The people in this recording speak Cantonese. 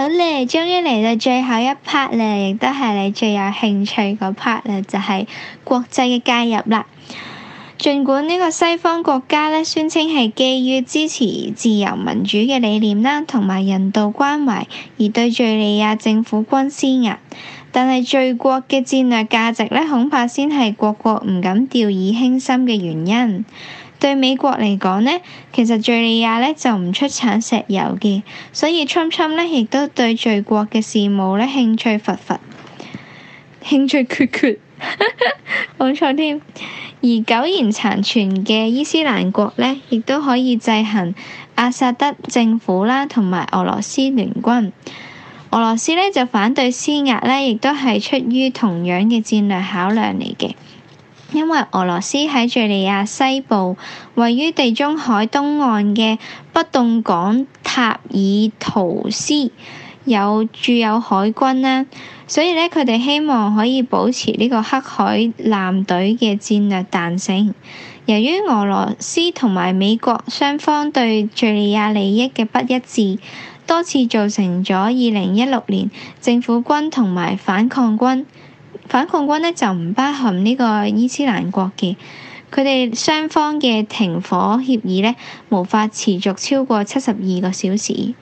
好嘞，終於嚟到最後一 part 嘞，亦都係你最有興趣嗰 part 嘞，就係國際嘅介入啦。儘管呢個西方國家咧宣稱係基於支持自由民主嘅理念啦，同埋人道關懷而對敘利亞政府軍施壓，但係敘國嘅戰略價值咧恐怕先係各國唔敢掉以輕心嘅原因。對美國嚟講咧，其實敘利亞咧就唔出產石油嘅，所以侵侵咧亦都對敘國嘅事務咧興趣乏乏乏，興趣缺缺，冇錯添。而苟延殘喘嘅伊斯蘭國呢，亦都可以制衡阿薩德政府啦，同埋俄羅斯聯軍。俄羅斯呢，就反對施壓呢，亦都係出於同樣嘅戰略考量嚟嘅。因為俄羅斯喺敘利亞西部，位於地中海東岸嘅不凍港塔爾圖斯。有駐有海軍啦，所以咧，佢哋希望可以保持呢個黑海艦隊嘅戰略彈性。由於俄羅斯同埋美國雙方對敘利亞利益嘅不一致，多次造成咗二零一六年政府軍同埋反抗軍反抗軍呢，就唔包含呢個伊斯蘭國嘅佢哋雙方嘅停火協議呢，無法持續超過七十二個小時。